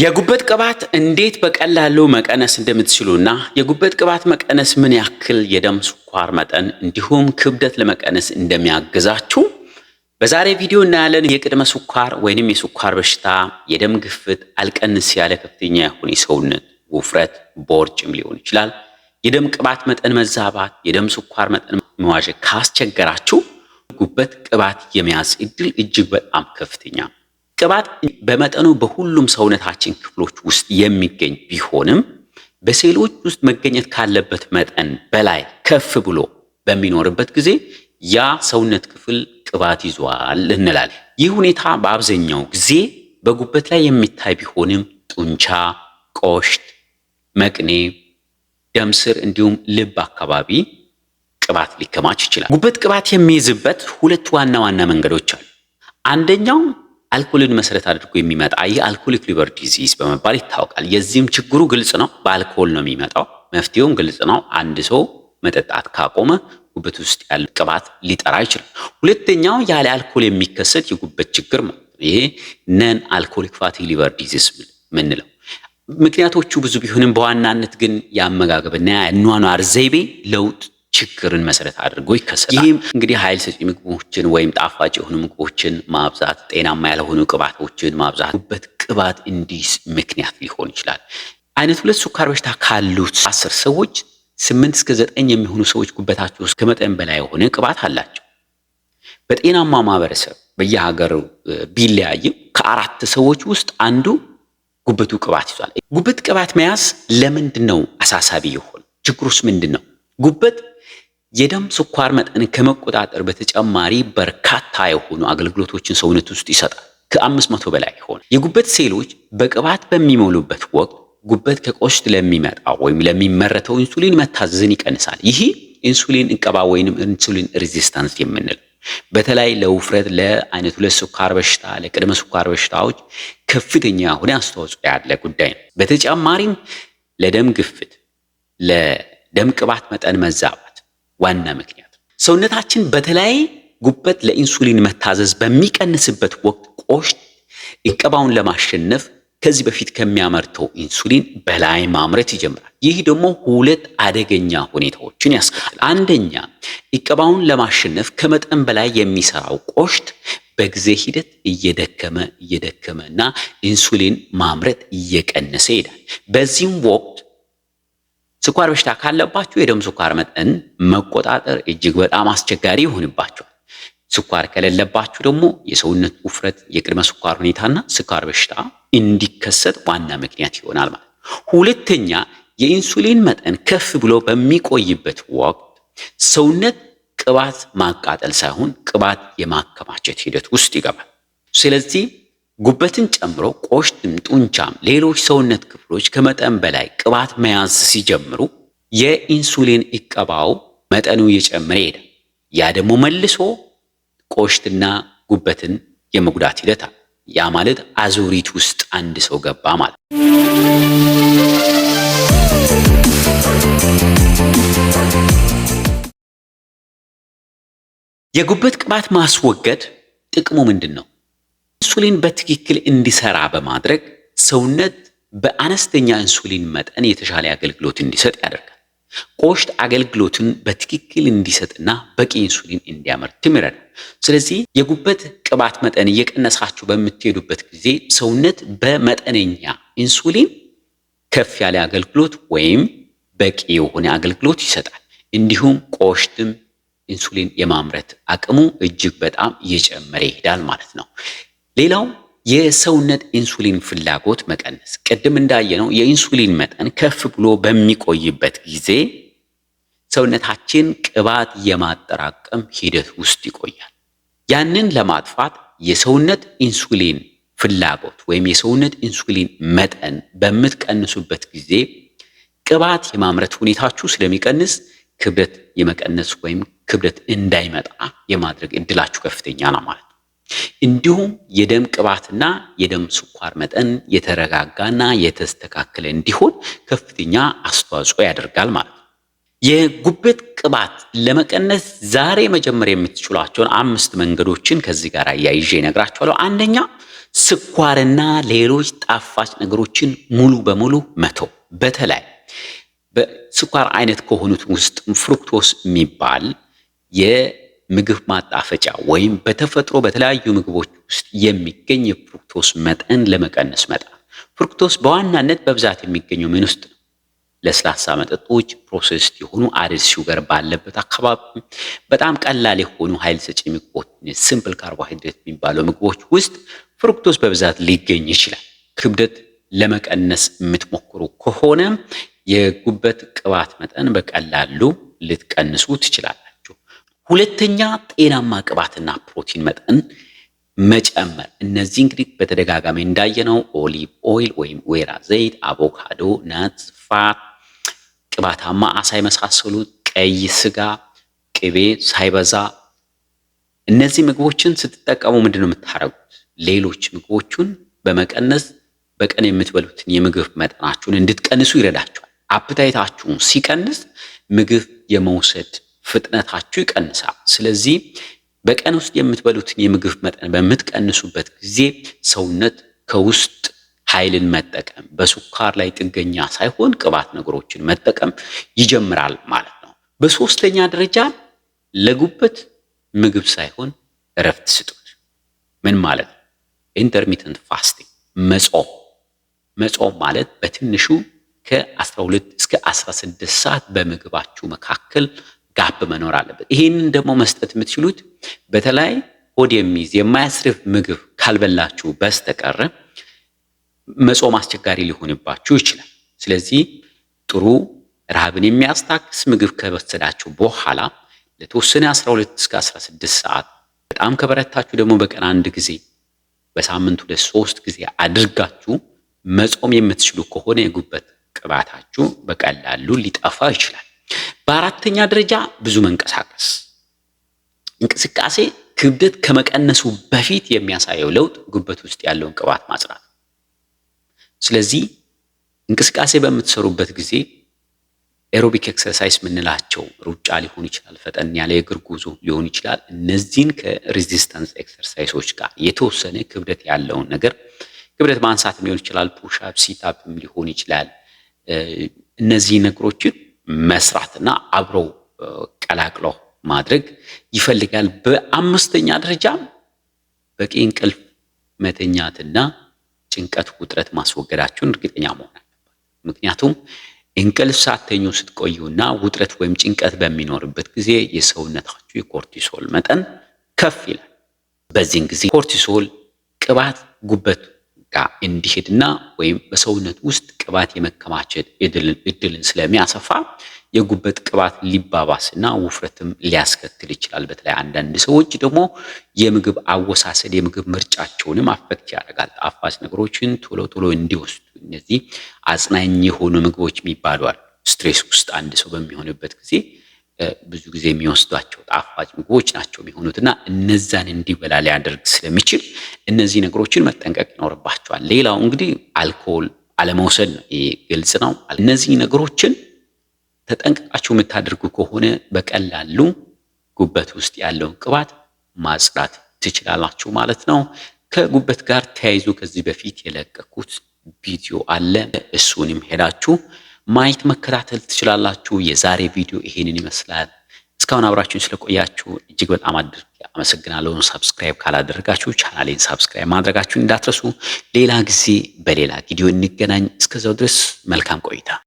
የጉበት ቅባት እንዴት በቀላሉ መቀነስ እንደምትችሉና የጉበት ቅባት መቀነስ ምን ያክል የደም ስኳር መጠን እንዲሁም ክብደት ለመቀነስ እንደሚያግዛችሁ በዛሬ ቪዲዮ እናያለን። የቅድመ ስኳር ወይንም የስኳር በሽታ፣ የደም ግፍት፣ አልቀንስ ያለ ከፍተኛ የሆነ የሰውነት ውፍረት፣ ቦርጭም ሊሆን ይችላል። የደም ቅባት መጠን መዛባት፣ የደም ስኳር መጠን መዋዠቅ ካስቸገራችሁ ጉበት ቅባት የመያዝ እድል እጅግ በጣም ከፍተኛ ነው። ቅባት በመጠኑ በሁሉም ሰውነታችን ክፍሎች ውስጥ የሚገኝ ቢሆንም በሴሎች ውስጥ መገኘት ካለበት መጠን በላይ ከፍ ብሎ በሚኖርበት ጊዜ ያ ሰውነት ክፍል ቅባት ይዟል እንላል። ይህ ሁኔታ በአብዛኛው ጊዜ በጉበት ላይ የሚታይ ቢሆንም ጡንቻ፣ ቆሽት፣ መቅኔ፣ ደምስር እንዲሁም ልብ አካባቢ ቅባት ሊከማች ይችላል። ጉበት ቅባት የሚይዝበት ሁለት ዋና ዋና መንገዶች አሉ። አንደኛው አልኮልን መሰረት አድርጎ የሚመጣ ይህ አልኮሊክ ሊቨር ዲዚዝ በመባል ይታወቃል። የዚህም ችግሩ ግልጽ ነው፣ በአልኮል ነው የሚመጣው። መፍትሄውም ግልጽ ነው። አንድ ሰው መጠጣት ካቆመ ጉበት ውስጥ ያለ ቅባት ሊጠራ ይችላል። ሁለተኛው ያለ አልኮል የሚከሰት የጉበት ችግር ማለት ነው። ይሄ ነን አልኮሊክ ፋቲ ሊቨር ዲዚዝ ምንለው። ምክንያቶቹ ብዙ ቢሆንም በዋናነት ግን የአመጋገብና የአኗኗር ዘይቤ ለውጥ ችግርን መሰረት አድርጎ ይከሰታል። ይህም እንግዲህ ኃይል ሰጪ ምግቦችን ወይም ጣፋጭ የሆኑ ምግቦችን ማብዛት፣ ጤናማ ያልሆኑ ቅባቶችን ማብዛት፣ ጉበት ቅባት እንዲይዝ ምክንያት ሊሆን ይችላል። አይነት ሁለት ሱካር በሽታ ካሉት አስር ሰዎች ስምንት እስከ ዘጠኝ የሚሆኑ ሰዎች ጉበታቸው ውስጥ ከመጠን በላይ የሆነ ቅባት አላቸው። በጤናማ ማህበረሰብ በየሀገሩ ቢለያይም ከአራት ሰዎች ውስጥ አንዱ ጉበቱ ቅባት ይዟል። ጉበት ቅባት መያዝ ለምንድን ነው አሳሳቢ የሆነ? ችግሩስ ምንድን ነው? ጉበት የደም ስኳር መጠን ከመቆጣጠር በተጨማሪ በርካታ የሆኑ አገልግሎቶችን ሰውነት ውስጥ ይሰጣል። ከአምስት መቶ በላይ ሆነ የጉበት ሴሎች በቅባት በሚሞሉበት ወቅት ጉበት ከቆሽት ለሚመጣ ወይም ለሚመረተው ኢንሱሊን መታዘዝን ይቀንሳል። ይህ ኢንሱሊን እንቀባ ወይንም ኢንሱሊን ሬዚስታንስ የምንለው በተለይ ለውፍረት፣ ለአይነት ሁለት ስኳር በሽታ፣ ለቅድመ ስኳር በሽታዎች ከፍተኛ የሆነ አስተዋጽኦ ያለ ጉዳይ ነው። በተጨማሪም ለደም ግፍት፣ ለደም ቅባት መጠን መዛባት ዋና ምክንያት። ሰውነታችን በተለይ ጉበት ለኢንሱሊን መታዘዝ በሚቀንስበት ወቅት ቆሽት እቀባውን ለማሸነፍ ከዚህ በፊት ከሚያመርተው ኢንሱሊን በላይ ማምረት ይጀምራል። ይህ ደግሞ ሁለት አደገኛ ሁኔታዎችን ያስከትላል። አንደኛ እቀባውን ለማሸነፍ ከመጠን በላይ የሚሰራው ቆሽት በጊዜ ሂደት እየደከመ እየደከመ እና ኢንሱሊን ማምረት እየቀነሰ ይሄዳል። በዚህም ወቅት ስኳር በሽታ ካለባችሁ የደም ስኳር መጠን መቆጣጠር እጅግ በጣም አስቸጋሪ ይሆንባችኋል። ስኳር ከሌለባችሁ ደግሞ የሰውነት ውፍረት፣ የቅድመ ስኳር ሁኔታና ስኳር በሽታ እንዲከሰት ዋና ምክንያት ይሆናል ማለት ነው። ሁለተኛ የኢንሱሊን መጠን ከፍ ብሎ በሚቆይበት ወቅት ሰውነት ቅባት ማቃጠል ሳይሆን ቅባት የማከማቸት ሂደት ውስጥ ይገባል። ስለዚህ ጉበትን ጨምሮ ቆሽትም፣ ጡንቻም ሌሎች ሰውነት ክፍሎች ከመጠን በላይ ቅባት መያዝ ሲጀምሩ የኢንሱሊን እቀባው መጠኑ እየጨመረ ይሄዳል። ያ ደግሞ መልሶ ቆሽትና ጉበትን የመጉዳት ሂደት አለ። ያ ማለት አዙሪት ውስጥ አንድ ሰው ገባ ማለት የጉበት ቅባት ማስወገድ ጥቅሙ ምንድን ነው? ኢንሱሊን በትክክል እንዲሰራ በማድረግ ሰውነት በአነስተኛ ኢንሱሊን መጠን የተሻለ አገልግሎት እንዲሰጥ ያደርጋል። ቆሽት አገልግሎትን በትክክል እንዲሰጥና በቂ ኢንሱሊን እንዲያመርትም ይረዳል። ስለዚህ የጉበት ቅባት መጠን እየቀነሳችሁ በምትሄዱበት ጊዜ ሰውነት በመጠነኛ ኢንሱሊን ከፍ ያለ አገልግሎት ወይም በቂ የሆነ አገልግሎት ይሰጣል። እንዲሁም ቆሽትም ኢንሱሊን የማምረት አቅሙ እጅግ በጣም እየጨመረ ይሄዳል ማለት ነው። ሌላው የሰውነት ኢንሱሊን ፍላጎት መቀነስ። ቅድም እንዳየነው የኢንሱሊን መጠን ከፍ ብሎ በሚቆይበት ጊዜ ሰውነታችን ቅባት የማጠራቀም ሂደት ውስጥ ይቆያል። ያንን ለማጥፋት የሰውነት ኢንሱሊን ፍላጎት ወይም የሰውነት ኢንሱሊን መጠን በምትቀንሱበት ጊዜ ቅባት የማምረት ሁኔታችሁ ስለሚቀንስ ክብደት የመቀነስ ወይም ክብደት እንዳይመጣ የማድረግ እድላችሁ ከፍተኛ ነው ማለት ነው። እንዲሁም የደም ቅባትና የደም ስኳር መጠን የተረጋጋና የተስተካከለ እንዲሆን ከፍተኛ አስተዋጽኦ ያደርጋል ማለት ነው። የጉበት ቅባት ለመቀነስ ዛሬ መጀመር የምትችሏቸውን አምስት መንገዶችን ከዚህ ጋር አያይዤ እነግራችኋለሁ። አንደኛ ስኳርና ሌሎች ጣፋጭ ነገሮችን ሙሉ በሙሉ መተው። በተለይ በስኳር አይነት ከሆኑት ውስጥ ፍሩክቶስ የሚባል ምግብ ማጣፈጫ ወይም በተፈጥሮ በተለያዩ ምግቦች ውስጥ የሚገኝ የፍሩክቶስ መጠን ለመቀነስ መጣ። ፍሩክቶስ በዋናነት በብዛት የሚገኘው ምን ውስጥ ነው? ለስላሳ መጠጦች፣ ፕሮሴስድ የሆኑ አድድ ሹገር ባለበት አካባቢ፣ በጣም ቀላል የሆኑ ኃይል ሰጪ ምግቦች፣ ሲምፕል ካርቦሃይድሬት የሚባለው ምግቦች ውስጥ ፍሩክቶስ በብዛት ሊገኝ ይችላል። ክብደት ለመቀነስ የምትሞክሩ ከሆነ የጉበት ቅባት መጠን በቀላሉ ልትቀንሱ ትችላላችሁ። ሁለተኛ ጤናማ ቅባትና ፕሮቲን መጠን መጨመር። እነዚህ እንግዲህ በተደጋጋሚ እንዳየነው ኦሊቭ ኦይል ወይም ወይራ ዘይት፣ አቮካዶ፣ ነት፣ ፋት፣ ቅባታማ አሳ የመሳሰሉት ቀይ ስጋ፣ ቅቤ ሳይበዛ እነዚህ ምግቦችን ስትጠቀሙ ምንድን ነው የምታደርጉት? ሌሎች ምግቦቹን በመቀነስ በቀን የምትበሉትን የምግብ መጠናችሁን እንድትቀንሱ ይረዳችኋል። አፕታይታችሁን ሲቀንስ ምግብ የመውሰድ ፍጥነታችሁ ይቀንሳል። ስለዚህ በቀን ውስጥ የምትበሉትን የምግብ መጠን በምትቀንሱበት ጊዜ ሰውነት ከውስጥ ኃይልን መጠቀም በሱካር ላይ ጥገኛ ሳይሆን ቅባት ነገሮችን መጠቀም ይጀምራል ማለት ነው። በሶስተኛ ደረጃ ለጉበት ምግብ ሳይሆን እረፍት ስጡት። ምን ማለት ነው? ኢንተርሚተንት ፋስቲንግ መጾም። መጾም ማለት በትንሹ ከ12 እስከ 16 ሰዓት በምግባችሁ መካከል ጋፕ መኖር አለበት። ይህንን ደግሞ መስጠት የምትችሉት በተለይ ሆድ የሚይዝ የማያስርፍ ምግብ ካልበላችሁ በስተቀረ መጾም አስቸጋሪ ሊሆንባችሁ ይችላል። ስለዚህ ጥሩ ረሃብን የሚያስታክስ ምግብ ከወሰዳችሁ በኋላ ለተወሰነ 12 እስከ 16 ሰዓት በጣም ከበረታችሁ ደግሞ በቀን አንድ ጊዜ በሳምንት ሁለት ሶስት ጊዜ አድርጋችሁ መጾም የምትችሉ ከሆነ የጉበት ቅባታችሁ በቀላሉ ሊጠፋ ይችላል። በአራተኛ ደረጃ ብዙ መንቀሳቀስ። እንቅስቃሴ ክብደት ከመቀነሱ በፊት የሚያሳየው ለውጥ ጉበት ውስጥ ያለውን ቅባት ማጽዳት። ስለዚህ እንቅስቃሴ በምትሰሩበት ጊዜ ኤሮቢክ ኤክሰርሳይስ የምንላቸው ሩጫ ሊሆን ይችላል፣ ፈጠን ያለ የእግር ጉዞ ሊሆን ይችላል። እነዚህን ከሬዚስተንስ ኤክሰርሳይሶች ጋር የተወሰነ ክብደት ያለውን ነገር ክብደት ማንሳትም ሊሆን ይችላል፣ ፑሽአፕ ሲታፕም ሊሆን ይችላል። እነዚህ ነገሮችን መስራትና አብሮ ቀላቅሎ ማድረግ ይፈልጋል። በአምስተኛ ደረጃ በቂ እንቅልፍ መተኛትና ጭንቀት፣ ውጥረት ማስወገዳችሁን እርግጠኛ መሆን አለባት። ምክንያቱም እንቅልፍ ሳተኙ ስትቆዩና ውጥረት ወይም ጭንቀት በሚኖርበት ጊዜ የሰውነታችሁ የኮርቲሶል መጠን ከፍ ይላል። በዚህን ጊዜ ኮርቲሶል ቅባት ጉበት ጋ እንዲሄድና ወይም በሰውነት ውስጥ ቅባት የመከማቸት እድልን ስለሚያሰፋ የጉበት ቅባት ሊባባስና ውፍረትም ሊያስከትል ይችላል። በተለይ አንዳንድ ሰዎች ደግሞ የምግብ አወሳሰድ የምግብ ምርጫቸውንም አፈክት ያደርጋል። ጣፋጭ ነገሮችን ቶሎ ቶሎ እንዲወስዱ እነዚህ አጽናኝ የሆኑ ምግቦች የሚባሉ አሉ። ስትሬስ ውስጥ አንድ ሰው በሚሆንበት ጊዜ ብዙ ጊዜ የሚወስዷቸው ጣፋጭ ምግቦች ናቸው የሚሆኑትና እነዛን እንዲበላ ሊያደርግ ስለሚችል እነዚህ ነገሮችን መጠንቀቅ ይኖርባቸዋል። ሌላው እንግዲህ አልኮል አለመውሰድ ነው። ይህ ግልጽ ነው። እነዚህ ነገሮችን ተጠንቀቃቸው የምታደርጉ ከሆነ በቀላሉ ጉበት ውስጥ ያለውን ቅባት ማጽዳት ትችላላችሁ ማለት ነው። ከጉበት ጋር ተያይዞ ከዚህ በፊት የለቀኩት ቪዲዮ አለ። እሱንም ሄዳችሁ ማየት መከታተል ትችላላችሁ። የዛሬ ቪዲዮ ይሄንን ይመስላል። እስካሁን አብራችሁን ስለቆያችሁ እጅግ በጣም አድርጌ አመሰግናለሁ። ሰብስክራይብ ካላደረጋችሁ ቻናሌን ሰብስክራይብ ማድረጋችሁን እንዳትረሱ። ሌላ ጊዜ በሌላ ቪዲዮ እንገናኝ። እስከዛው ድረስ መልካም ቆይታ